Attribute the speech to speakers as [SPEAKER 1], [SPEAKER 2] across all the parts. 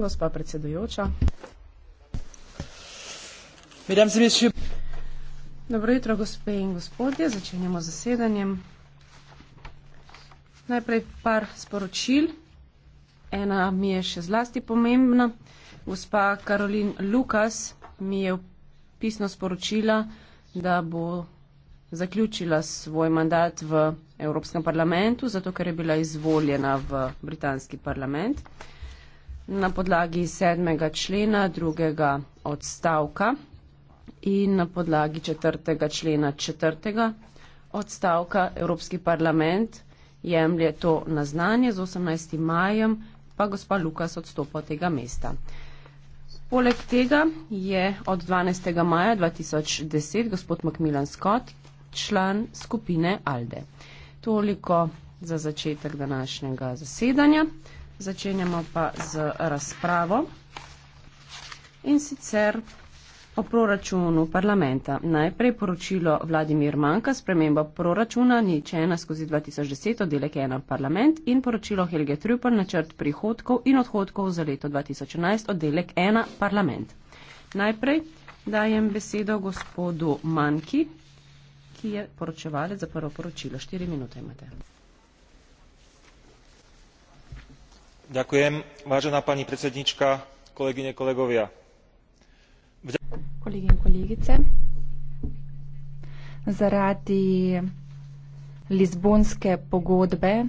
[SPEAKER 1] gospa predsedujoča. Dobro jutro, gospe in gospodje, začenjamo zasedanjem. Najprej par sporočil. Ena mi je še zlasti pomembna. Gospa Karolin Lukas mi je pisno sporočila, da bo zaključila svoj mandat v Evropskem parlamentu, zato ker je bila izvoljena v britanski parlament. Uh, na podlagi sedmega člena drugega odstavka in na podlagi četrtega člena četrtega odstavka Evropski parlament jemlje to na znanje z 18. majem, pa gospa Lukas odstopa tega mesta. Poleg tega je od 12. maja 2010 gospod Macmillan Scott član skupine ALDE. Toliko za začetek današnjega zasedanja. Začenjamo pa z razpravo in sicer o proračunu parlamenta. Najprej poročilo Vladimir Manka, sprememba proračuna nič ena skozi 2010, oddelek ena parlament in poročilo Helge Trupel, načrt prihodkov in odhodkov za leto 2011, oddelek ena parlament. Najprej dajem besedo gospodu Manki, ki je poročevalec za prvo poročilo. Štiri minute imate.
[SPEAKER 2] vážená pani predsedníčka kolegyne kolegovia
[SPEAKER 3] zaradi lizbonske pogodbe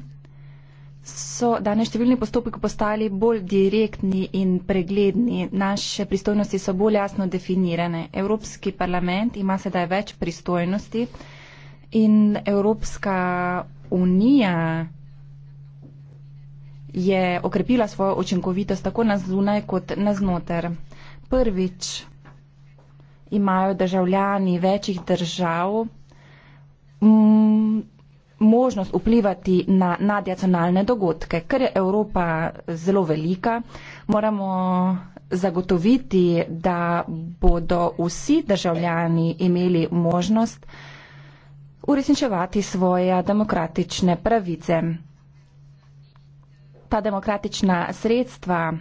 [SPEAKER 3] so danes številni postopki postali bolj direktni in pregledni naše pristojnosti so bolj jasno definirane evropski parlament ima sedaj več pristojnosti in evropska unija je okrepila svojo učinkovitost tako na zunaj kot na znoter. Prvič imajo državljani večjih držav možnost vplivati na nadjacionalne dogodke. Ker je Evropa zelo velika, moramo zagotoviti, da bodo vsi državljani imeli možnost uresničevati svoje demokratične pravice ta demokratična sredstva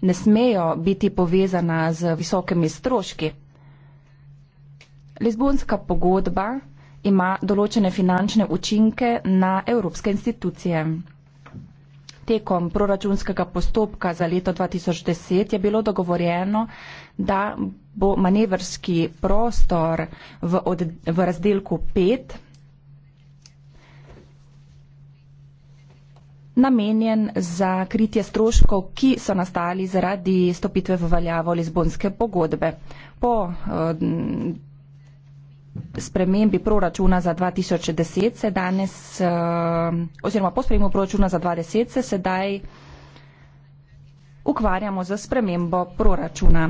[SPEAKER 3] ne smejo biti povezana z visokimi stroški. Lizbonska pogodba ima določene finančne učinke na evropske institucije. Tekom proračunskega postopka za leto 2010 je bilo dogovorjeno, da bo manevrski prostor v, od, v razdelku 5 namenjen za kritje stroškov, ki so nastali zaradi stopitve v valjavo Lizbonske pogodbe. Po eh, spremembi proračuna za 2010 se danes, eh, oziroma po spremembi proračuna za 2010 se sedaj ukvarjamo z spremembo proračuna.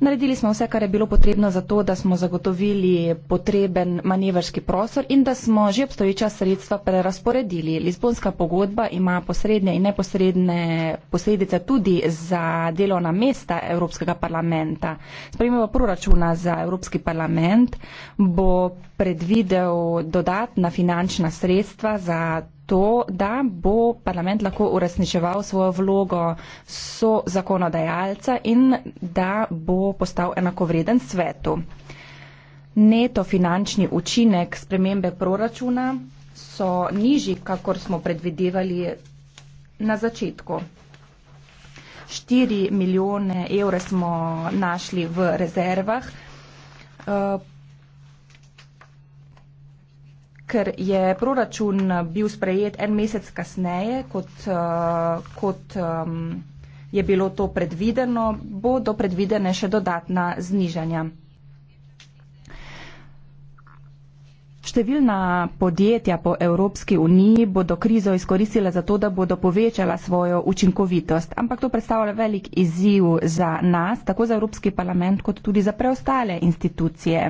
[SPEAKER 3] Naredili smo vse, kar je bilo potrebno za to, da smo zagotovili potreben manevrski prostor in da smo že obstoječa sredstva prerasporedili. Lizbonska pogodba ima posredne in neposredne posledice tudi za delovna mesta Evropskega parlamenta. Sprememba proračuna za Evropski parlament bo predvidel dodatna finančna sredstva za to, da bo parlament lahko uresničeval svojo vlogo so zakonodajalca in da bo postal enakovreden svetu. Neto finančni učinek spremembe proračuna so nižji, kakor smo predvidevali na začetku. 4 milijone evre smo našli v rezervah. Eh, ker je proračun bil sprejet en mesec kasneje, kot, eh, kot um, je bilo to predvideno, bodo predvidene še dodatna znižanja. Številna podjetja po Evropski uniji bodo krizo izkoristila za to, da bodo povečala svojo učinkovitost, ampak to predstavlja velik izziv za nas, tako za Evropski parlament, kot tudi za preostale institucije.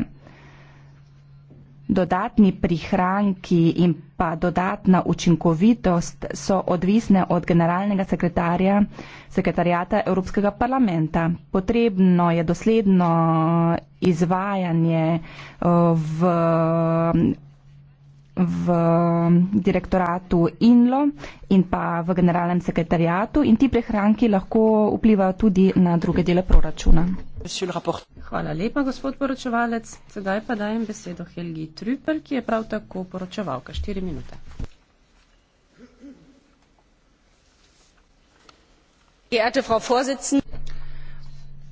[SPEAKER 3] Dodatni prihranki in pa dodatna učinkovitost so odvisne od generalnega sekretarja sekretarjata Evropskega parlamenta. Potrebno je dosledno izvajanje uh, v, v direktoratu INLO in pa v generalnem sekretarjatu in ti prihranki lahko vplivajo tudi na druge dele proračuna. Hvala lepa, gospod
[SPEAKER 1] poročevalec. Sedaj pa dajem besedo Helgi Trüpel, ki je prav tako poročevalka. Štiri
[SPEAKER 3] minute.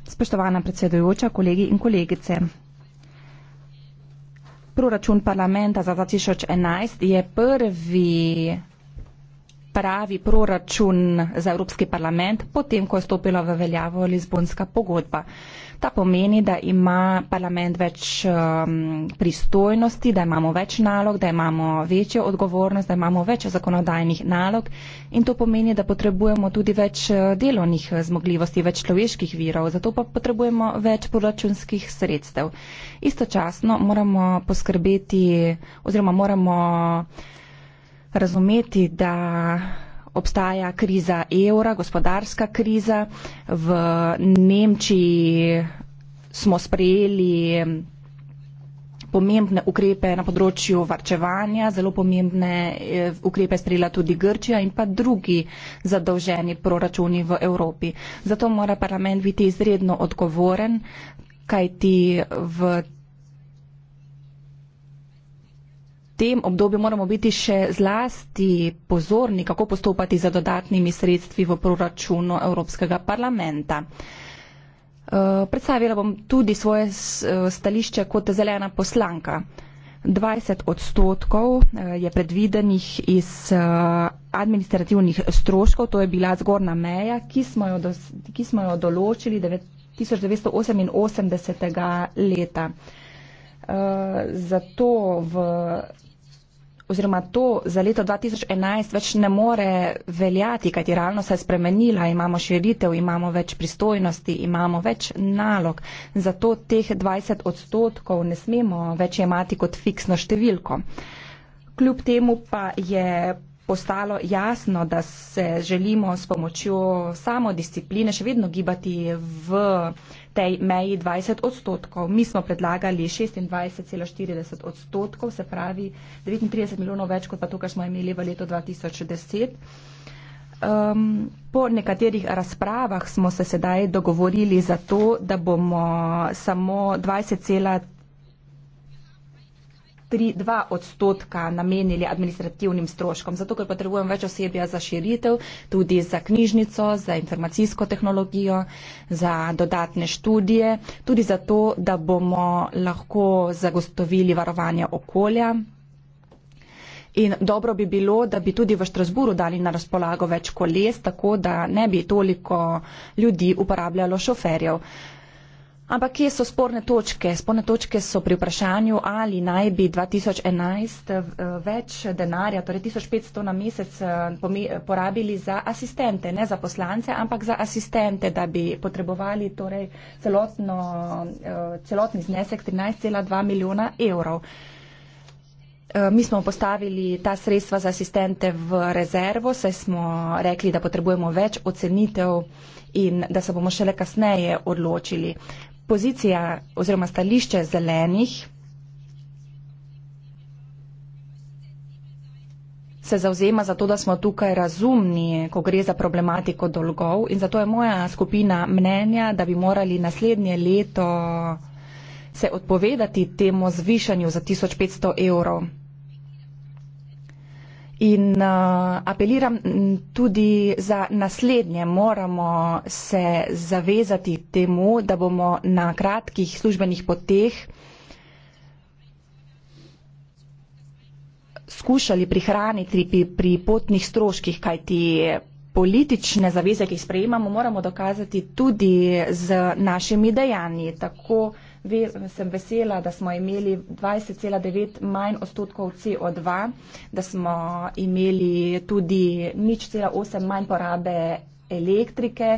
[SPEAKER 3] Spoštovana predsedujoča, kolegi in kolegice. Proračun parlamenta za 2011 je prvi pripravi proračun za Evropski parlament, potem ko je stopila v veljavo Lizbonska pogodba. Ta pomeni, da ima parlament več um, pristojnosti, da imamo več nalog, da imamo večjo odgovornost, da imamo več zakonodajnih nalog in to pomeni, da potrebujemo tudi več uh, delovnih uh, zmogljivosti, več človeških virov, zato pa potrebujemo več proračunskih sredstev. Istočasno moramo poskrbeti oziroma moramo razumeti, da obstaja kriza evra, gospodarska kriza. V Nemčiji smo sprejeli pomembne ukrepe na področju varčevanja, zelo pomembne eh, ukrepe sprejela tudi Grčija in pa drugi zadolženi proračuni v Evropi. Zato mora parlament biti izredno odgovoren, kajti v tem obdobju moramo biti še zlasti pozorni, kako postopati za dodatnimi sredstvi v proračunu Evropskega parlamenta. Eh, predstavila bom tudi svoje eh, stališče kot zelena poslanka. 20 odstotkov eh, je predvidenih iz administrativnih stroškov, to je bila zgorna meja, ki smo jo, do, ki smo jo določili 1988. leta. Zato v oziroma to za leto 2011 več ne more veljati, kajti realno se je spremenila, imamo širitev, imamo več pristojnosti, imamo več nalog. Zato teh 20 odstotkov ne smemo več imati kot fiksno številko. Kljub temu pa je postalo jasno, da se želimo s pomočjo samodiscipline še vedno gibati v tej meji 20 odstotkov. Mi smo predlagali 26,40 odstotkov, se pravi 39 milijonov več kot pa to, kar smo imeli v letu 2010. Um, po nekaterih razpravah smo se sedaj dogovorili za to, da bomo samo 3-2 odstotka namenili administrativnim stroškom, zato ker potrebujem več osebja za širitev, tudi za knjižnico, za informacijsko tehnologijo, za dodatne študije, tudi zato, da bomo lahko zagotovili varovanje okolja. In dobro bi bilo, da bi tudi v Štrasburu dali na razpolago več koles, tako da ne bi toliko ljudi uporabljalo šoferjev. Uh, Ampak kje so sporne točke? Sporne točke so pri vprašanju, ali naj bi 2011 eh, več denarja, torej 1500 na mesec, eh, porabili za asistente, ne za poslance, ampak za asistente, da bi potrebovali torej celotno, eh, celotni znesek 13,2 milijona evrov. Mi smo postavili ta sredstva za asistente v rezervo, saj smo rekli, da potrebujemo več ocenitev in da se bomo šele kasneje odločili pozicija oziroma stališče zelenih se zauzema za to, da smo tukaj razumni, ko gre za problematiko dolgov in zato je moja skupina mnenja, da bi morali naslednje leto se odpovedati temu zvišanju za 1500 evrov. In uh, apeliram tudi za naslednje, moramo se zavezati temu, da bomo na kratkih službenih poteh skušali prihraniti pri, pri potnih stroških, kajti politične zaveze, ki jih sprejemamo, moramo dokazati tudi z našimi dejanji. Tako, Ve, sem vesela, da smo imeli 20,9 manj odstotkov CO2, da smo imeli tudi nič cela 8 manj porabe elektrike.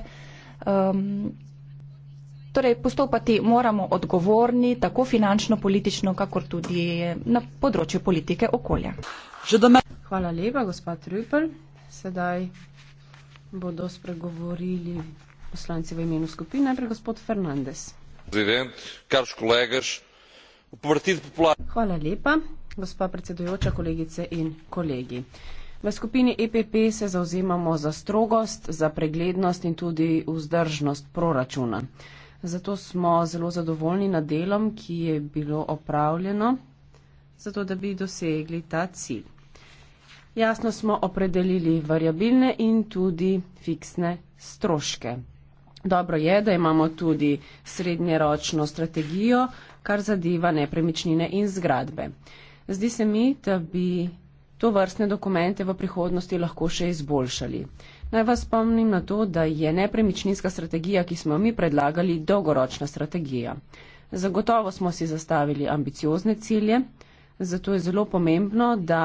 [SPEAKER 3] Um, torej, postopati moramo odgovorni, tako finančno, politično, kakor tudi na področju politike okolja.
[SPEAKER 1] Hvala lepa, gospod Rupel. Sedaj bodo spregovorili poslanci v imenu skupine, najprej gospod Fernandez presidente, caros colegas, o Partido Popular. Hvala lepa, gospa predsedujoča, kolegice in kolegi. V skupini EPP se zauzemamo za strogost, za preglednost in tudi vzdržnost proračuna. Zato smo zelo zadovoljni nad delom, ki je bilo opravljeno, zato da bi dosegli ta cilj. Jasno smo opredelili variabilne in tudi fiksne stroške. Dobro je, da imamo tudi srednjeročno strategijo, kar zadeva nepremičnine in zgradbe. Zdi se mi, da bi to vrstne dokumente v prihodnosti lahko še izboljšali. Naj vas spomnim na to, da je nepremičninska strategija, ki smo jo mi predlagali, dolgoročna strategija. Zagotovo smo si zastavili ambiciozne cilje, zato je zelo pomembno, da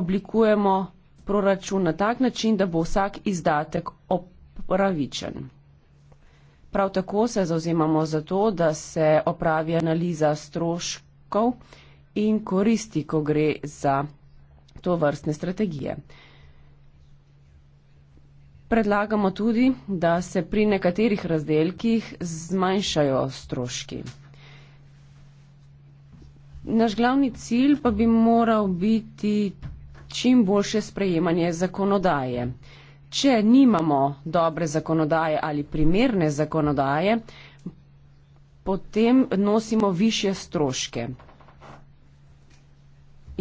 [SPEAKER 1] oblikujemo proračun na tak način, da bo vsak izdatek opravičen. Prav tako se zauzemamo za to, da se opravi analiza stroškov in koristi, ko gre za to vrstne strategije. Predlagamo tudi, da se pri nekaterih razdelkih zmanjšajo stroški. Naš glavni cilj pa bi moral biti čim boljše sprejemanje zakonodaje če nimamo dobre zakonodaje ali primerne zakonodaje, potem nosimo više stroške.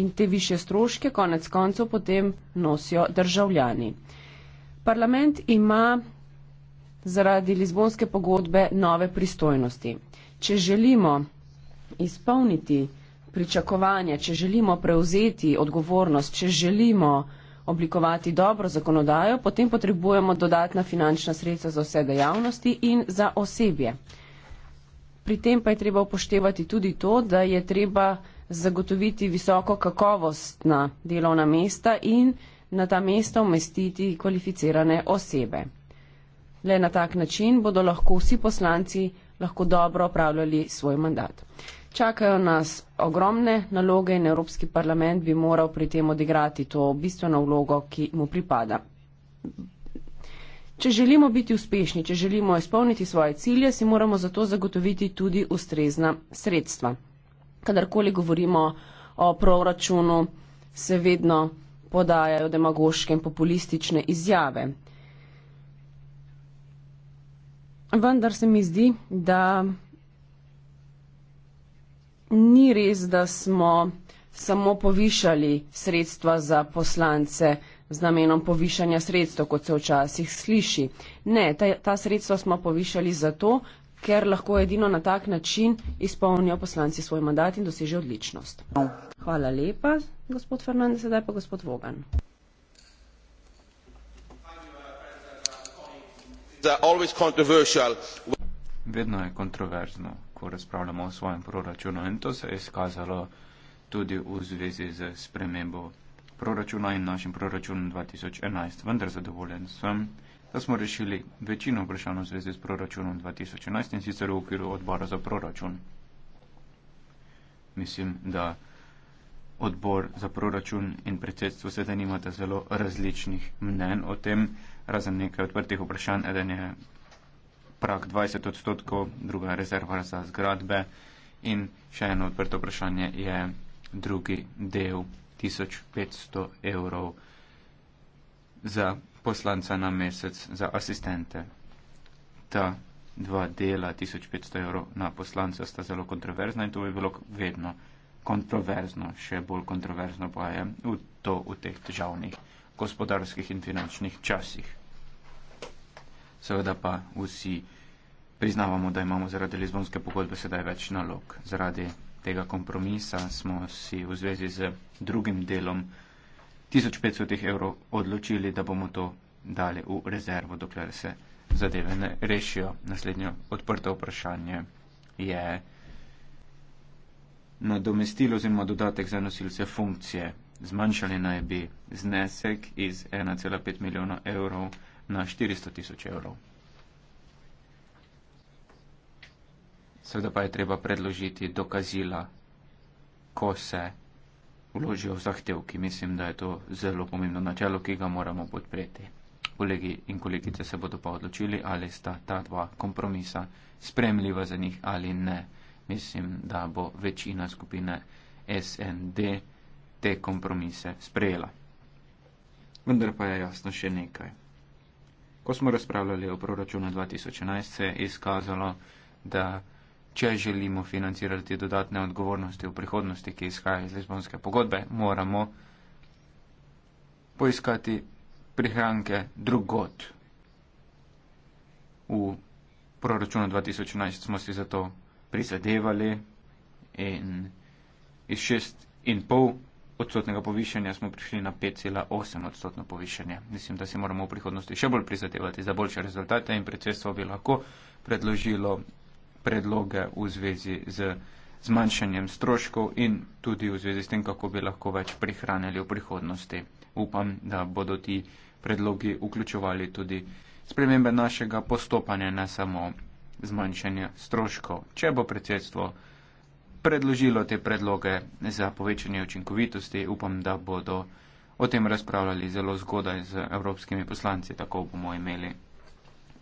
[SPEAKER 1] In te više stroške konec koncev potem nosijo državljani. Parlament ima zaradi Lizbonske pogodbe nove pristojnosti. Če želimo izpolniti pričakovanja, če želimo prevzeti odgovornost, če želimo uh, oblikovati dobro zakonodajo, potem potrebujemo dodatna finančna sredstva za vse dejavnosti in za osebje. Pri tem pa je treba upoštevati tudi to, da je treba zagotoviti visoko kakovost na delovna mesta in na ta mesta umestiti kvalificirane osebe. Le na tak način bodo lahko vsi poslanci lahko dobro opravljali svoj mandat. Čakajo nas ogromne naloge in Evropski parlament bi moral pri tem odigrati to bistveno vlogo, ki mu pripada. Če želimo biti uspešni, če želimo izpolniti svoje cilje, si moramo zato zagotoviti tudi ustrezna sredstva. Kadarkoli govorimo o proračunu, se vedno podajajo demagoške in populistične izjave vendar se mi zdi, da ni res, da smo samo povišali sredstva za poslance z namenom povišanja sredstev, kot se včasih sliši. Ne, ta, ta sredstva smo povišali zato, ker lahko edino na tak način izpolnijo poslanci svoj mandat in dosežejo odličnost. Hvala lepa, gospod Fernandez, sedaj pa gospod Vogan.
[SPEAKER 2] vedno je kontroverzno, ko razpravljamo o svojem proračunu in to se je izkazalo tudi v zvezi z spremembo proračuna in našim proračunom 2011. Vendar zadovoljen sem, da smo rešili večino vprašanj v zvezi s proračunom 2011 in sicer v okviru odbora za proračun. Mislim, da odbor za proračun in predsedstvo sedaj nimate zelo različnih mnen o tem, razen nekaj odprtih vprašanj. Eden je prak 20 odstotkov, druga je rezerva za zgradbe in še eno odprto vprašanje je drugi del 1500 evrov za poslanca na mesec, za asistente. Ta dva dela 1500 evrov na poslanca sta zelo kontroverzna in to je bilo vedno kontroverzno, še bolj kontroverzno pa je v to v teh težavnih gospodarskih in finančnih časih. Seveda pa vsi priznavamo, da imamo zaradi Lizbonske pogodbe sedaj več nalog. Zaradi tega kompromisa smo si v zvezi z drugim delom 1500 evrov odločili, da bomo to dali v rezervo, dokler se zadeve ne rešijo. Naslednje odprto vprašanje je nadomestilo oziroma dodatek za nosilce funkcije zmanjšali naj bi znesek iz 1,5 milijona evrov na 400 tisoč evrov. Seveda pa je treba predložiti dokazila, ko se vložijo zahtevki. Mislim, da je to zelo pomembno načelo, ki ga moramo podpreti. Kolegi in kolegice se bodo pa odločili, ali sta ta dva kompromisa spremljiva za njih ali ne. Mislim, da bo večina skupine SND te kompromise sprejela. Vendar pa je jasno še nekaj. Ko smo razpravljali o proračunu 2011, se je izkazalo, da če želimo financirati dodatne odgovornosti v prihodnosti, ki izhajajo iz Lizbonske pogodbe, moramo poiskati prihranke drugot. V proračunu 2011 smo si zato prizadevali in iz 6,5 odstotnega povišanja smo prišli na 5,8 odstotno povišanje. Mislim, da si moramo v prihodnosti še bolj prizadevati za boljše rezultate in predsedstvo bi lahko predložilo predloge v zvezi z zmanjšanjem stroškov in tudi v zvezi s tem, kako bi lahko več prihranili v prihodnosti. Upam, da bodo ti predlogi vključovali tudi spremembe našega postopanja, ne samo zmanjšanje stroškov. Če bo predsedstvo predložilo te predloge za povečanje učinkovitosti. Upam, da bodo o tem razpravljali zelo zgodaj z evropskimi poslanci, tako bomo imeli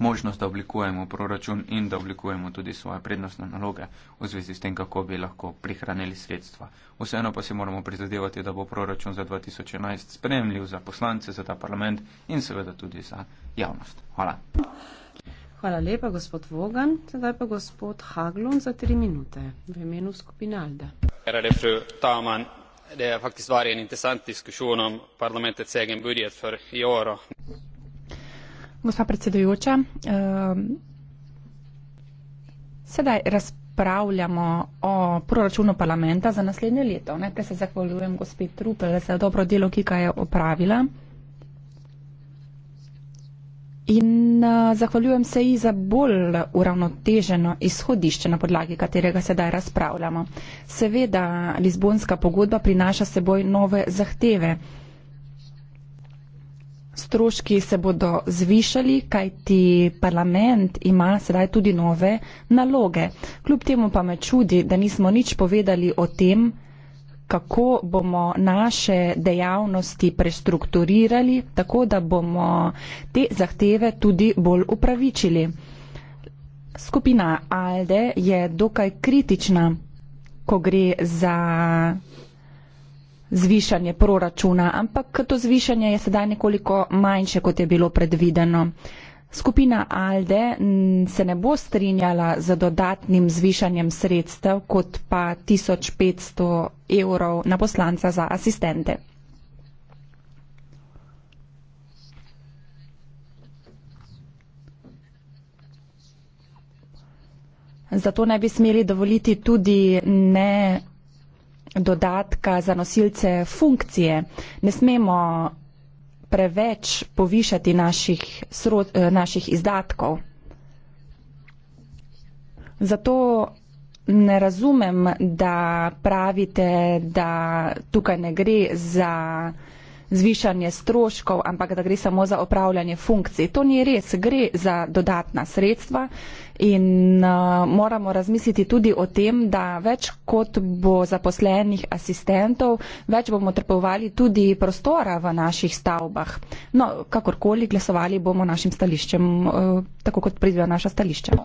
[SPEAKER 2] možnost, da oblikujemo proračun in da oblikujemo tudi svoje prednostne naloge v zvezi s tem, kako bi lahko prihranili sredstva. Vseeno pa si moramo prizadevati, da bo proračun za 2011 spremljiv za poslance, za ta parlament in seveda tudi za javnost. Hvala.
[SPEAKER 1] Hvala lepa, gospod Vogan. Sedaj pa gospod Haglund za tri minute v imenu skupine Alde.
[SPEAKER 2] Ärade fru talman, det har faktiskt varit en intressant diskussion om parlamentets egen budget för i år. Och...
[SPEAKER 3] Gospa predsedujoča, uh, sedaj razpravljamo o proračunu parlamenta za naslednje leto. Najprej se zahvaljujem gospe Trupel za dobro delo, ki ga je opravila. In uh, zahvaljujem se ji za bolj uravnoteženo izhodišče, na podlagi katerega sedaj razpravljamo. Seveda, Lizbonska pogodba prinaša seboj nove zahteve. Stroški se bodo zvišali, kajti parlament ima sedaj tudi nove naloge. Kljub temu pa me čudi, da nismo nič povedali o tem, kako bomo naše dejavnosti prestrukturirali, tako da bomo te zahteve tudi bolj upravičili. Skupina ALDE je dokaj kritična, ko gre za zvišanje proračuna, ampak to zvišanje je sedaj nekoliko manjše, kot je bilo predvideno. Skupina Alde se ne bo strinjala z dodatnim zvišanjem sredstev kot pa 1500 evrov na poslanca za asistente. Zato ne bi smeli dovoliti tudi ne dodatka za nosilce funkcije. Ne smemo preveč povišati naših, srod, eh, naših izdatkov. Zato ne razumem, da pravite, da tukaj ne gre za zvišanje stroškov, ampak da gre samo za opravljanje funkcij. To ni res, gre za dodatna sredstva in uh, moramo razmisliti tudi o tem, da več kot bo zaposlenih asistentov, več bomo trpovali tudi prostora v naših stavbah. No, kakorkoli glasovali bomo našim stališčem, uh, tako kot pridejo naša stališča.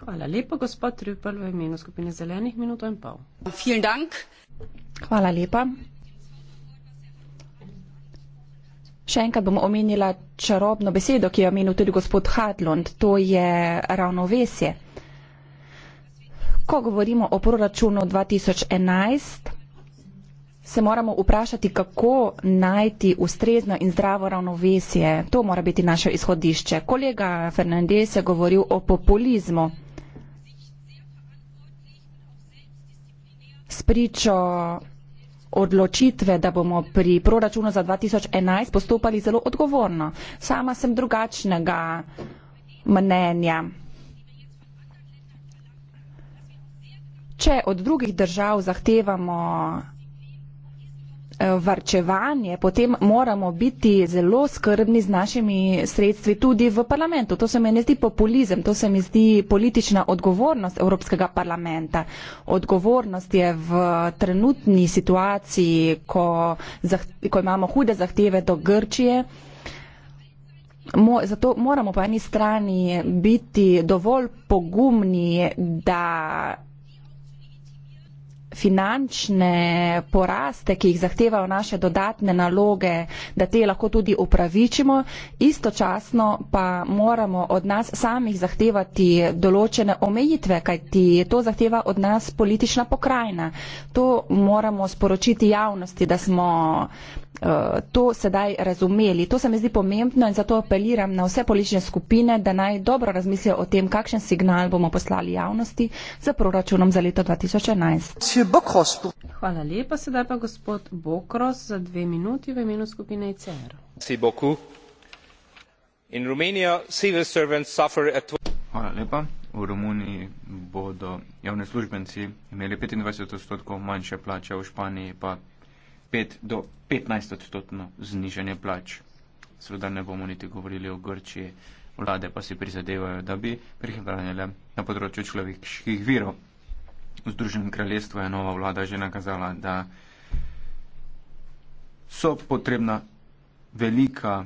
[SPEAKER 1] Hvala lepa, gospod Trupel, v imenu skupine zelenih minuto in
[SPEAKER 3] pol. Hvala lepa. Še enkrat bom omenila čarobno besedo, ki jo je omenil tudi gospod Hadlund, to je ravnovesje. Ko govorimo o proračunu 2011, se moramo vprašati, kako najti ustrezno in zdravo ravnovesje. To mora biti naše izhodišče. Kolega Fernandez je govoril o populizmu. Spričo odločitve, da bomo pri proračunu za 2011 postopali zelo odgovorno. Sama sem drugačnega mnenja. Če od drugih držav zahtevamo Eh, varčevanje, potem moramo biti zelo skrbni z našimi sredstvi tudi v parlamentu. To se mi ne zdi populizem, to se mi zdi politična odgovornost Evropskega parlamenta. Odgovornost je v trenutni situaciji, ko, ko imamo hude zahteve do Grčije. Zato moramo po eni strani biti dovolj pogumni, da finančne poraste, ki jih zahtevajo naše dodatne naloge, da te lahko tudi upravičimo, istočasno pa moramo od nas samih zahtevati določene omejitve, kajti to zahteva od nas politična pokrajina. To moramo sporočiti javnosti, da smo Eh, to sedaj razumeli. To se mi zdi pomembno in zato apeliram na vse politične skupine, da naj dobro razmislijo o tem, kakšen signal bomo poslali javnosti za proračunom za leto
[SPEAKER 2] 2011.
[SPEAKER 1] Hvala lepa, sedaj pa gospod Bokros za dve minuti v imenu
[SPEAKER 2] skupine ICR. Hvala lepa. V Romuniji bodo javni službenci imeli 25 odstotkov manjše plače, v Španiji pa 5 do 15 odstotno znižanje plač. Sveda ne bomo niti govorili o Grčiji, vlade pa si prizadevajo, da bi prihranile na področju človeških virov. V Združenem kraljestvu je nova vlada že nakazala, da so potrebna velika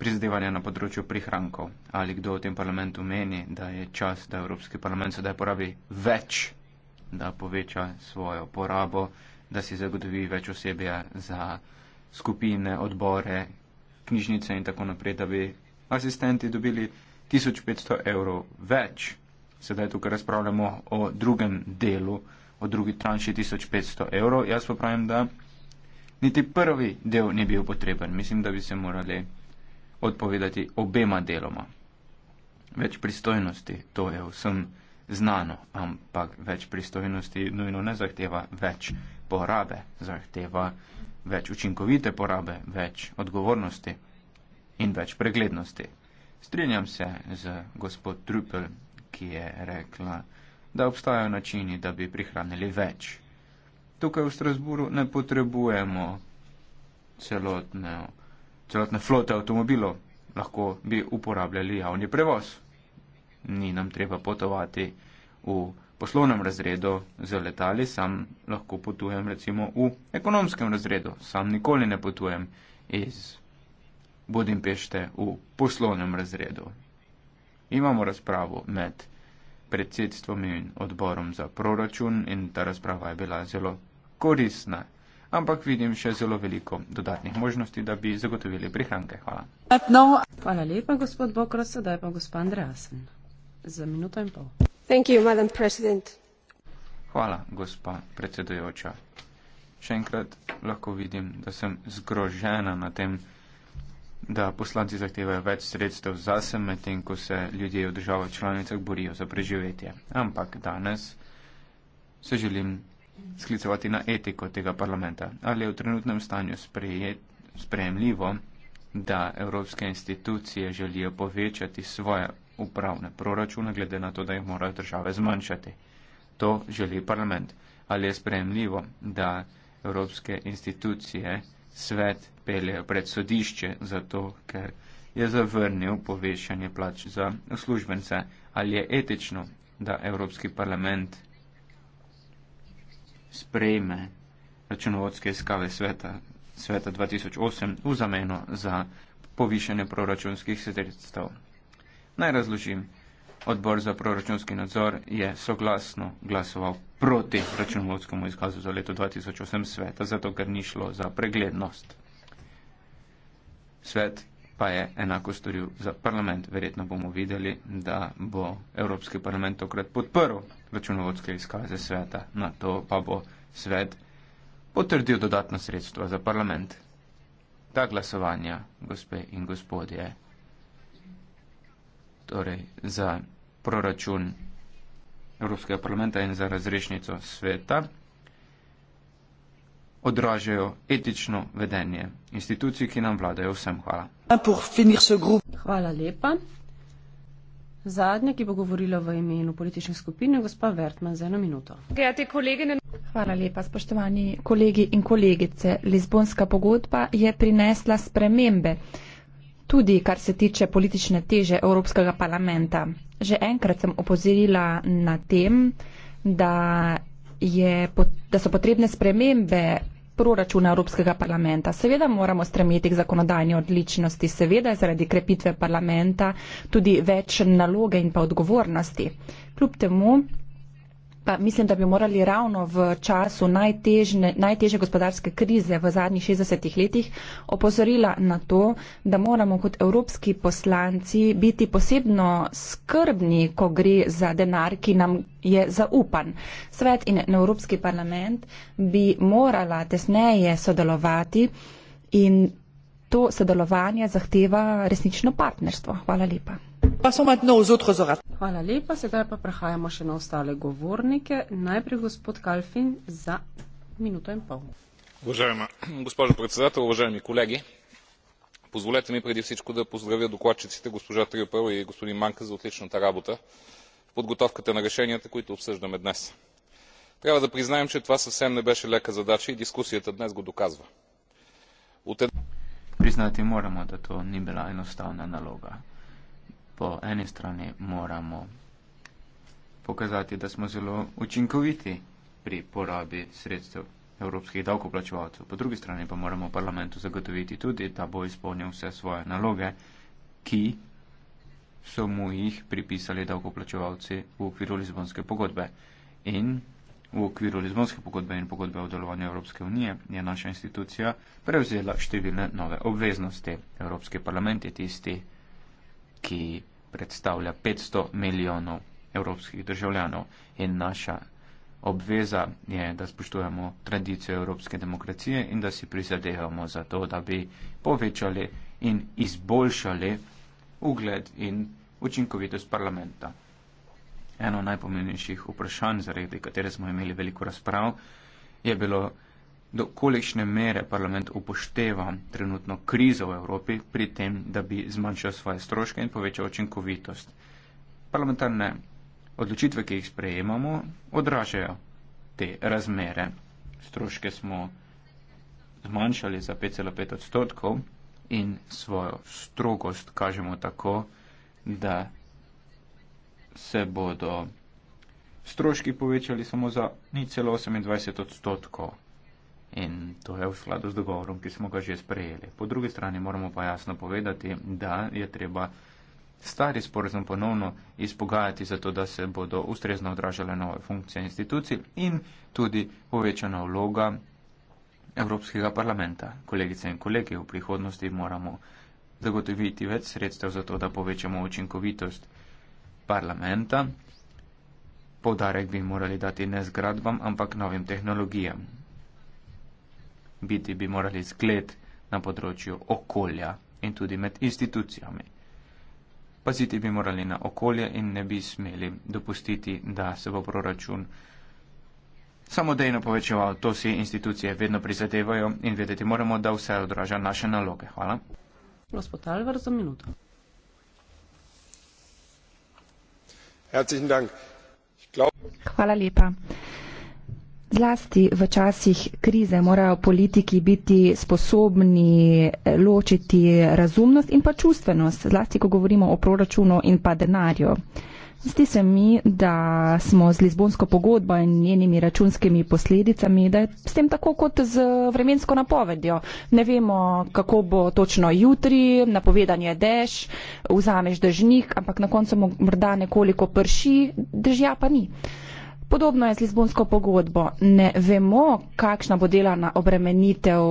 [SPEAKER 2] prizadevanja na področju prihrankov. Ali kdo v tem parlamentu meni, da je čas, da Evropski parlament sedaj porabi več, da poveča svojo porabo? da si zagotovi več osebja za skupine, odbore, knjižnice in tako naprej, da bi asistenti dobili 1500 evrov več. Sedaj tukaj razpravljamo o drugem delu, o drugi tranši 1500 evrov. Jaz pa pravim, da niti prvi del ni bil potreben. Mislim, da bi se morali odpovedati obema deloma. Več pristojnosti, to je vsem znano, ampak več pristojnosti nujno ne zahteva več porabe, zahteva več učinkovite porabe, več odgovornosti in več preglednosti. Strinjam se z gospod Trupel, ki je rekla, da obstajajo načini, da bi prihranili več. Tukaj v Strasburu ne potrebujemo celotne, celotne flote avtomobilov, lahko bi uporabljali javni prevoz ni nam treba potovati v poslovnem razredu z letali, sam lahko potujem recimo v ekonomskem razredu, sam nikoli ne potujem iz Budimpešte v poslovnem razredu. Imamo razpravo med predsedstvom in odborom za proračun in ta razprava je bila zelo koristna. Ampak vidim še zelo veliko dodatnih možnosti, da bi zagotovili prihranke. Hvala.
[SPEAKER 1] No. Hvala lepa, gospod Bokros, zdaj pa gospod Andreasen.
[SPEAKER 2] Hvala, gospa predsedujoča. Še enkrat lahko vidim, da sem zgrožena na tem, da poslanci zahtevajo več sredstev zase, medtem ko se ljudje v državah članicah borijo za preživetje. Ampak danes se želim sklicovati na etiko tega parlamenta. Ali je v trenutnem stanju sprejet, sprejemljivo, da evropske institucije želijo povečati svoje upravne proračune, glede na to, da jih morajo države zmanjšati. To želi parlament. Ali je sprejemljivo, da evropske institucije svet peljejo pred sodišče zato, ker je zavrnil povešanje plač za službence? Ali je etično, da evropski parlament sprejme računovodske izkave sveta, sveta 2008 v zameno za povišanje proračunskih sredstev? Naj razložim. Odbor za proračunski nadzor je soglasno glasoval proti računovodskemu izkazu za leto 2008 sveta, zato ker ni šlo za preglednost. Svet pa je enako storil za parlament. Verjetno bomo videli, da bo Evropski parlament tokrat podprl računovodske izkaze sveta. Na to pa bo svet potrdil dodatno sredstvo za parlament. Ta glasovanja, gospe in gospodje, torej za proračun Evropskega parlamenta in za razrešnico sveta, odražajo etično vedenje institucij, ki nam vladajo vsem. Hvala.
[SPEAKER 1] Hvala lepa. Zadnja, ki bo govorila v imenu politične skupine, gospa Vertman, za eno minuto.
[SPEAKER 3] Hvala lepa, spoštovani kolegi in kolegice. Lizbonska pogodba je prinesla spremembe tudi kar se tiče politične teže Evropskega parlamenta. Že enkrat sem opozorila na tem, da, je, da so potrebne spremembe proračuna Evropskega parlamenta. Seveda moramo stremeti k zakonodajni odličnosti, seveda je zaradi krepitve parlamenta tudi več naloge in pa odgovornosti. Kljub temu pa mislim, da bi morali ravno v času najtežne, najteže gospodarske krize v zadnjih 60 letih opozorila na to, da moramo kot evropski poslanci biti posebno skrbni, ko gre za denar, ki nam je zaupan. Svet in Evropski parlament bi morala tesneje sodelovati in to sodelovanje zahteva resnično partnerstvo. Hvala lepa.
[SPEAKER 1] Hvala lepa, sedaj pa prehajamo še na ostale govornike. Najprej gospod Kalfin za minuto in pol.
[SPEAKER 2] Uvažajma gospodin predsedatelj, uvažajmi kolegi, pozvolite mi predi vsičko da pozdravim dokladčicite gospoža Triopel in gospodin Manka za odlično ta rabota, podgotovkate na rešenjate, ki jih obsežnjame danes. Treba da priznam, če to sasvim ne bila lehka zadača in diskusijata danes ga dokazva. Priznati moramo, da to ni bila enostavna naloga po eni strani moramo pokazati, da smo zelo učinkoviti pri porabi sredstev evropskih davkoplačevalcev, po drugi strani pa moramo parlamentu zagotoviti tudi, da bo izpolnil vse svoje naloge, ki so mu jih pripisali davkoplačevalci v okviru Lizbonske pogodbe. In v okviru Lizbonske pogodbe in pogodbe o delovanju Evropske unije je naša institucija prevzela številne nove obveznosti. Evropski parlament je tisti, ki predstavlja 500 milijonov evropskih državljanov. In naša obveza je, da spoštujemo tradicijo evropske demokracije in da si prizadevamo za to, da bi povečali in izboljšali ugled in učinkovitost parlamenta. Eno najpomembnejših vprašanj, zaradi katere smo imeli veliko razprav, je bilo do kolikšne mere parlament upošteva trenutno krizo v Evropi pri tem, da bi zmanjšal svoje stroške in povečal učinkovitost. Parlamentarne odločitve, ki jih sprejemamo, odražajo te razmere. Stroške smo zmanjšali za 5,5 odstotkov in svojo strogost kažemo tako, da se bodo stroški povečali samo za 0,28 odstotkov. In to je v skladu z dogovorom, ki smo ga že sprejeli. Po drugi strani moramo pa jasno povedati, da je treba stari sporozum ponovno izpogajati, zato da se bodo ustrezno odražale nove funkcije institucij in tudi povečana vloga Evropskega parlamenta. Kolegice in kolege, v prihodnosti moramo zagotoviti več sredstev za to, da povečamo učinkovitost parlamenta. Povdarek bi morali dati ne zgradbam, ampak novim tehnologijam biti bi morali zgled na področju okolja in tudi med institucijami. Paziti bi morali na okolje in ne bi smeli dopustiti, da se bo proračun samodejno povečeval. To si institucije vedno prizadevajo in vedeti moramo, da vse odraža naše naloge. Hvala.
[SPEAKER 1] Gospod Alvar, za minuto.
[SPEAKER 3] Hvala lepa. Zlasti v časih krize morajo politiki biti sposobni eh, ločiti razumnost in pa čustvenost, zlasti ko govorimo o proračunu in pa denarju. Zdi se mi, da smo z Lizbonsko pogodbo in njenimi računskimi posledicami, da je s tem tako kot z vremensko napovedjo. Ne vemo, kako bo točno jutri, napovedan je dež, vzameš dežnik, ampak na koncu morda nekoliko prši, dežja pa ni. Podobno je z Lizbonsko pogodbo. Ne vemo, kakšna bo delana obremenitev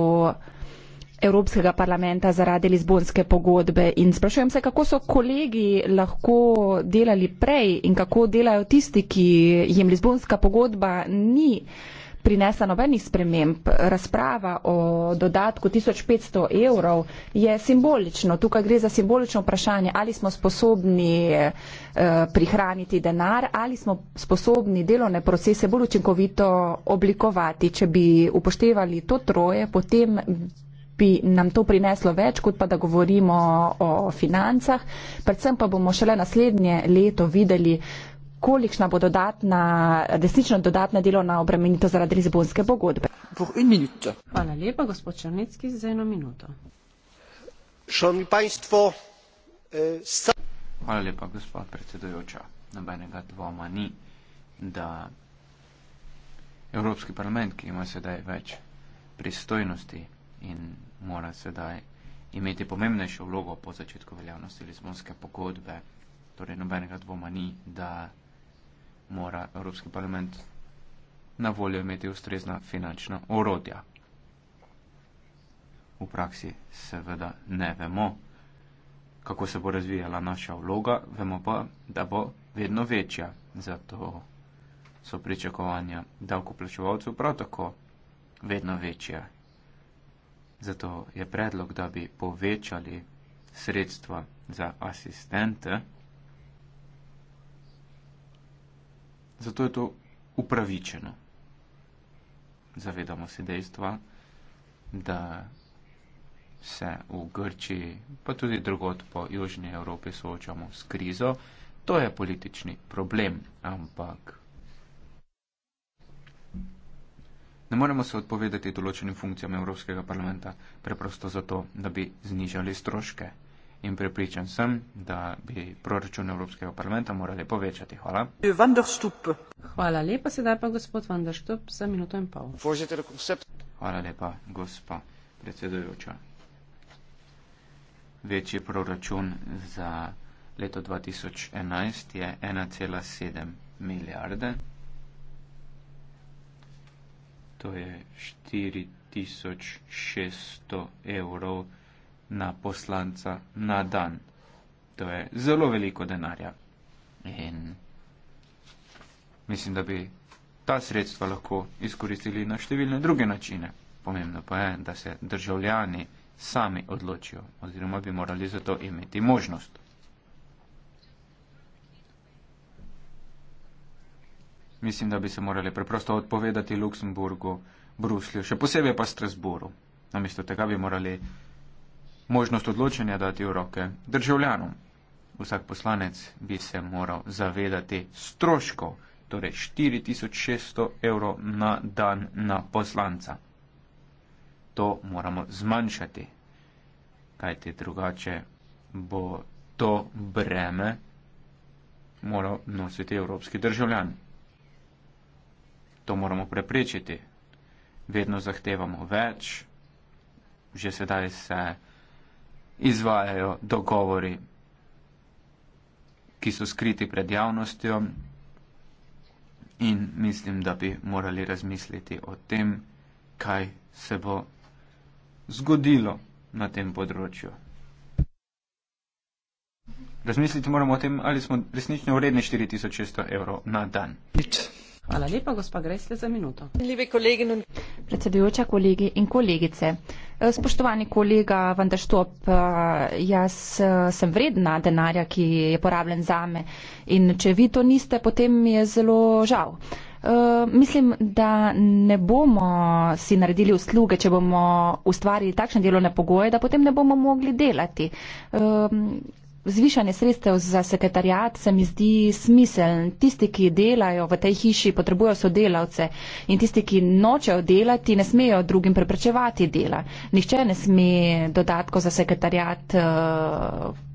[SPEAKER 3] Evropskega parlamenta zaradi Lizbonske pogodbe in sprašujem se, kako so kolegi lahko delali prej in kako delajo tisti, ki jim Lizbonska pogodba ni prinesla nobenih sprememb. Razprava o dodatku 1500 evrov je simbolično. Tukaj gre za simbolično vprašanje, ali smo sposobni eh, prihraniti denar, ali smo sposobni delovne procese bolj učinkovito oblikovati. Če bi upoštevali to troje, potem bi nam to prineslo več, kot pa da govorimo o financah. Predvsem pa bomo šele naslednje leto videli, kolikšna bo dodatna, resnično dodatna delovna obremenitev zaradi Lizbonske pogodbe.
[SPEAKER 1] Hvala lepa, gospod Črnecki, za eno minuto.
[SPEAKER 2] Šanovni państwo, e, sa... Hvala lepa, gospod predsedujoča. Nobenega dvoma ni, da Evropski parlament, ki ima sedaj več pristojnosti in mora sedaj imeti pomembnejšo vlogo po začetku veljavnosti Lizbonske pogodbe, torej nobenega dvoma ni, da mora Evropski parlament na voljo imeti ustrezna finančna orodja. V praksi seveda ne vemo, kako se bo razvijala naša vloga, vemo pa, da bo vedno večja. Zato so pričakovanja davkoplačevalcev prav tako vedno večja. Zato je predlog, da bi povečali sredstva za asistente. Zato je to upravičeno. Zavedamo se dejstva, da se v Grčiji, pa tudi drugot po Južnji Evropi soočamo s krizo. To je politični problem, ampak ne moremo se odpovedati določenim funkcijam Evropskega parlamenta preprosto zato, da bi znižali stroške in prepričan sem, da bi proračun Evropskega parlamenta morali povečati. Hvala.
[SPEAKER 1] Hvala lepa, sedaj pa gospod Vandarštup za minuto in
[SPEAKER 2] pol. Hvala lepa, gospa predsedujoča. Večji proračun za leto 2011 je 1,7 milijarde. To je 4600 evrov na poslanca na dan. To je zelo veliko denarja. In mislim, da bi ta sredstva lahko izkoristili na številne druge načine. Pomembno pa je, da se državljani sami odločijo oziroma bi morali za to imeti možnost. Mislim, da bi se morali preprosto odpovedati Luksemburgu, Bruslju, še posebej pa Strasburu. Namesto tega bi morali možnost odločanja dati v roke državljanom. Vsak poslanec bi se moral zavedati stroškov, torej 4600 evrov na dan na poslanca. To moramo zmanjšati, kajti drugače bo to breme moral nositi evropski državljan. To moramo preprečiti. Vedno zahtevamo več, že sedaj se izvajajo dogovori, ki so skriti pred javnostjo in mislim, da bi morali razmisliti o tem, kaj se bo zgodilo na tem področju. Razmisliti moramo o tem, ali smo resnično vredni 4600 evrov na dan.
[SPEAKER 3] Hvala
[SPEAKER 1] lepa, gospa Gresle, za minuto.
[SPEAKER 3] Predsedujoča, kolegi in kolegice. Eh, spoštovani kolega Vandaštop, eh, jaz eh, sem vredna denarja, ki je porabljen za me in če vi to niste, potem mi je zelo žal. Mislim, da ne bomo si naredili usluge, če bomo ustvarili takšne delovne pogoje, da potem ne bomo mogli delati zvišanje sredstev za sekretarjat se mi zdi smiseln. Tisti, ki delajo v tej hiši, potrebujo sodelavce in tisti, ki nočejo delati, ne smejo drugim preprečevati dela. Nihče ne sme dodatko za sekretarjat eh,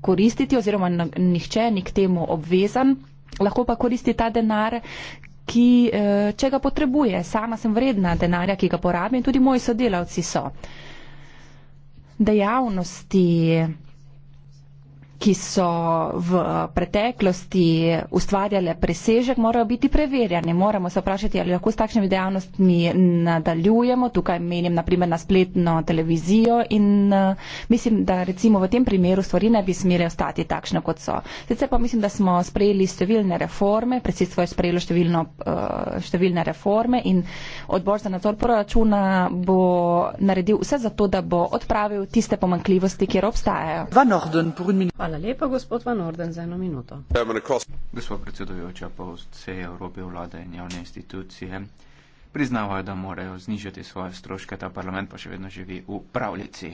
[SPEAKER 3] koristiti oziroma nihče ni k temu obvezan. Lahko pa koristi ta denar, ki, eh, če ga potrebuje. Sama sem vredna denarja, ki ga porabim, tudi moji sodelavci so. Dejavnosti ki so v eh, preteklosti ustvarjale presežek, morajo biti preverjane. Moramo se vprašati, ali lahko s takšnimi dejavnostmi nadaljujemo. Tukaj menim naprimer na spletno televizijo in eh, mislim, da recimo v tem primeru stvari ne bi smele ostati takšne, kot so. Sicer pa mislim, da smo sprejeli številne reforme, predsedstvo je sprejelo številno, eh, številne reforme in odbor za nadzor proračuna bo naredil vse za to, da bo odpravil tiste pomankljivosti, kjer obstajajo.
[SPEAKER 1] Hvala. Hvala lepa, gospod Van Orden, za eno minuto.
[SPEAKER 2] Gospod predsedujoča, po vsej Evropi vlade in javne institucije priznavajo, da morajo znižati svoje stroške, ta parlament pa še vedno živi v pravljici.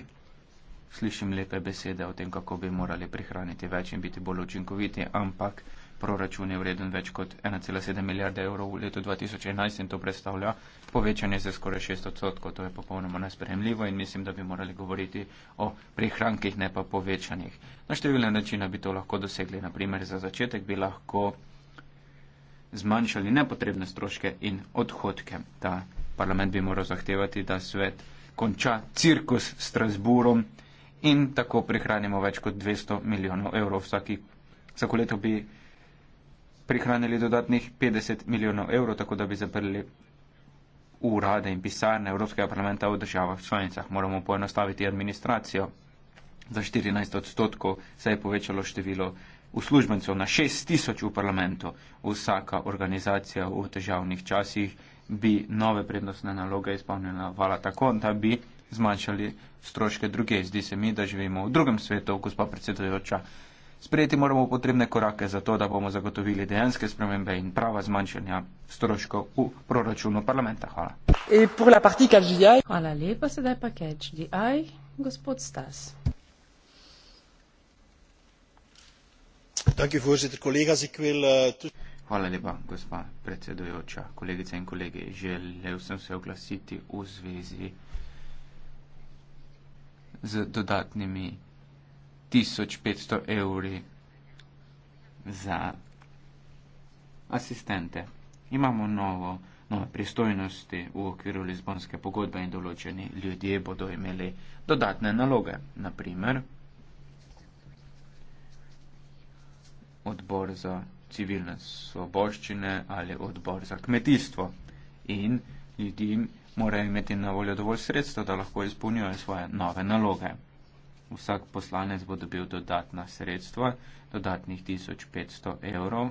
[SPEAKER 2] Slišim lepe besede o tem, kako bi morali prihraniti več in biti bolj učinkoviti, ampak Proračun je vreden več kot 1,7 milijarde evrov v letu 2011 in to predstavlja povečanje za skoraj 6 odstotkov. To je popolnoma nespremljivo in mislim, da bi morali govoriti o prihrankih, ne pa povečanjih. Na številne načine bi to lahko dosegli. Naprimer, za začetek bi lahko zmanjšali nepotrebne stroške in odhodke. Ta parlament bi moral zahtevati, da svet konča cirkus s Strasburom in tako prihranimo več kot 200 milijonov evrov vsaki. Vsako leto bi prihranili dodatnih 50 milijonov evrov, tako da bi zaprli urade in pisarne Evropskega parlamenta v državah članicah. Moramo poenostaviti administracijo za 14 odstotkov, se je povečalo število uslužbencev na 6 tisoč v parlamentu. Vsaka organizacija v težavnih časih bi nove prednostne naloge izpolnila vala tako, da bi zmanjšali stroške druge. Zdi se mi, da živimo v drugem svetu, gospod predsedujoča. Sprejeti moramo potrebne korake za to, da bomo zagotovili dejanske spremembe in prava zmanjšanja stroškov v proračunu parlamenta. Hvala.
[SPEAKER 1] Hvala lepa, sedaj pa HDI, gospod Stas.
[SPEAKER 2] Eh, Hvala lepa, gospa predsedujoča, kolegice in kolege. Želel sem se oglasiti v zvezi z dodatnimi 1500 evri za asistente. Imamo novo, nove pristojnosti v okviru Lizbonske pogodbe in določeni ljudje bodo imeli dodatne naloge. Naprimer, odbor za civilne svoboščine ali odbor za kmetijstvo. In ljudi morajo imeti na voljo dovolj sredstva, da lahko izpolnjujejo svoje nove naloge. Vsak poslanec bo dobil dodatna sredstva, dodatnih 1500 evrov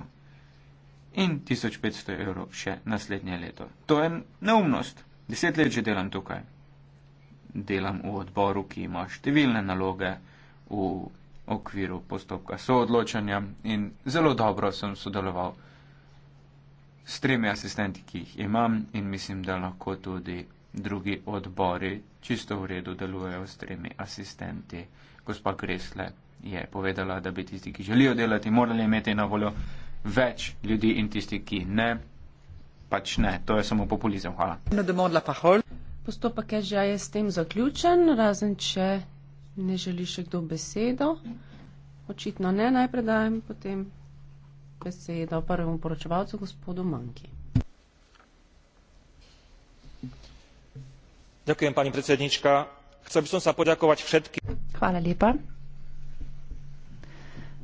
[SPEAKER 2] in 1500 evrov še naslednje leto. To je neumnost. Deset let že delam tukaj. Delam v odboru, ki ima številne naloge v okviru postopka soodločanja in zelo dobro sem sodeloval s tremi asistenti, ki jih imam in mislim, da lahko tudi drugi odbori čisto v redu delujejo s tremi asistenti. Gospa Kresle je povedala, da bi tisti, ki želijo delati, morali imeti na voljo več ljudi in tisti, ki ne, pač ne. To je samo populizem. Hvala.
[SPEAKER 1] Postopek je že s tem zaključen, razen če ne želi še kdo besedo. Očitno ne, najprej dajem potem besedo prvemu poročevalcu, gospodu Manki.
[SPEAKER 2] Thank you chcel by som sa poďakovať všetkým
[SPEAKER 3] Hvala lepa.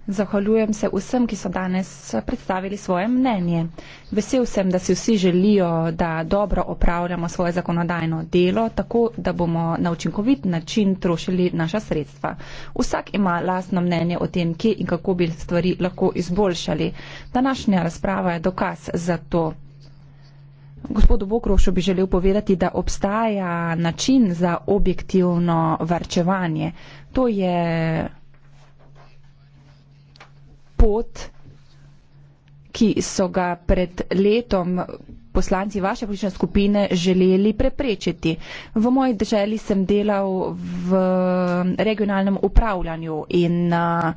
[SPEAKER 3] Zahvaljujem se vsem, ki so danes predstavili svoje mnenje. Vesel sem, da si vsi želijo, da dobro opravljamo svoje zakonodajno delo, tako da bomo na učinkovit način trošili naša sredstva. Vsak ima lastno mnenje o tem, kje in kako bi stvari lahko izboljšali. Današnja razprava je dokaz za to. Gospodu Bokrošu bi želel povedati, da obstaja način za objektivno varčevanje. To je pot, ki so ga pred letom poslanci vaše politične skupine želeli preprečiti. V moji državi sem delal v regionalnem upravljanju in uh,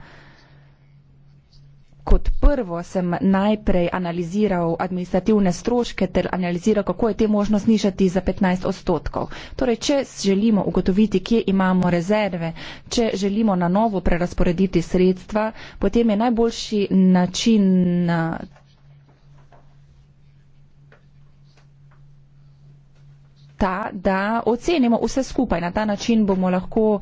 [SPEAKER 3] kot prvo sem najprej analiziral administrativne stroške ter analiziral, kako je te možno znižati za 15 odstotkov. Torej, če želimo ugotoviti, kje imamo rezerve, če želimo na novo prerasporediti sredstva, potem je najboljši način. Na Ta, da ocenimo vse skupaj. Na ta način bomo lahko uh,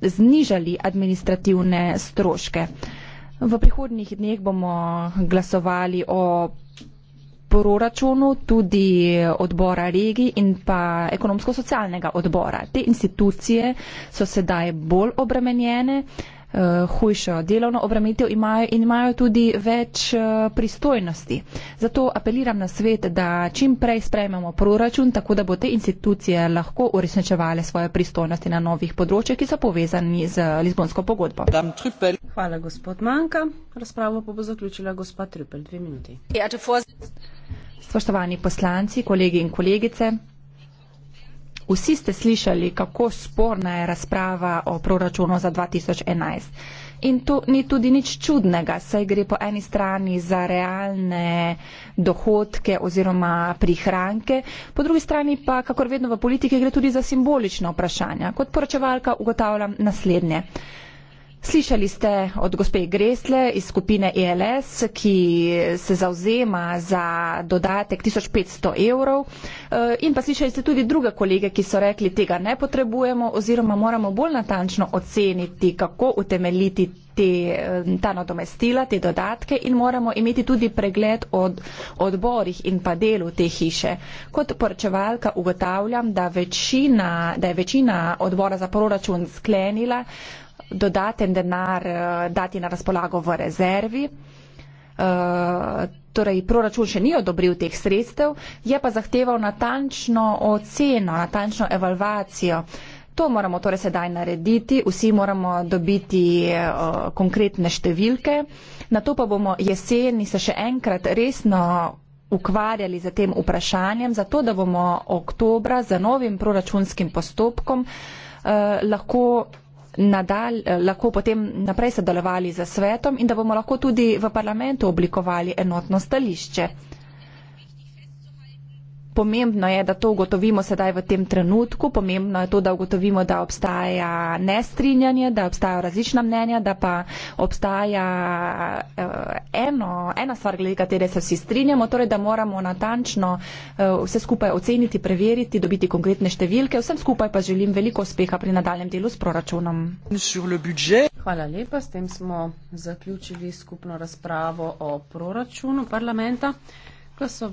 [SPEAKER 3] znižali administrativne stroške. Uh, V prihodnih dneh bomo glasovali o proračunu tudi odbora regij in pa ekonomsko-socialnega odbora. Te institucije so sedaj bolj obremenjene, uh, hujšo delovno obramitev imajo in imajo tudi več uh, pristojnosti. Zato apeliram na svet, da čim prej sprejmemo proračun, tako da bo te institucije lahko uresničevale svoje pristojnosti na novih področjih, ki so povezani z Lizbonsko pogodbo.
[SPEAKER 1] Hvala, gospod Manka. Razpravo pa bo zaključila gospa Trupel. Dve minuti.
[SPEAKER 3] Ja, Spoštovani poslanci, kolegi in kolegice. Vsi ste slišali, kako sporna je razprava o proračunu za 2011. In to ni tudi nič čudnega, saj gre po eni strani za realne dohodke oziroma prihranke, po drugi strani pa, kakor vedno v politiki, gre tudi za simbolična vprašanja. Kot poročevalka ugotavljam naslednje. Slišali ste od gospe Gresle iz skupine ELS, ki se zauzema za dodatek 1500 evrov eh, in pa slišali ste tudi druge kolege, ki so rekli, tega ne potrebujemo oziroma moramo bolj natančno oceniti, kako utemeliti te, eh, ta nadomestila, te dodatke in moramo imeti tudi pregled od odborih in pa delu te hiše. Kot poročevalka ugotavljam, da, večina, da je večina odbora za proračun sklenila, uh, dodaten denar eh, dati na razpolago v rezervi. Eh, torej, proračun še ni odobril teh sredstev, je pa zahteval natančno oceno, natančno evalvacijo. To moramo torej sedaj narediti, vsi moramo dobiti uh, konkretne številke, na to pa bomo jeseni se še enkrat resno ukvarjali z tem vprašanjem, zato da bomo oktobra za novim proračunskim postopkom uh, lahko nadalj eh, lahko potem naprej sodelovali z svetom in da bomo lahko tudi v parlamentu oblikovali enotno stališče pomembno je, da to ugotovimo sedaj v tem trenutku, pomembno je to, da ugotovimo, da obstaja nestrinjanje, da obstajajo različna mnenja, da pa obstaja uh, eno, ena stvar, glede katere se vsi strinjamo, torej da moramo natančno uh, vse skupaj oceniti, preveriti, dobiti konkretne številke. Vsem skupaj pa želim veliko uspeha pri nadaljem delu s proračunom.
[SPEAKER 1] Hvala lepa, s tem smo zaključili skupno razpravo o proračunu parlamenta. Glasova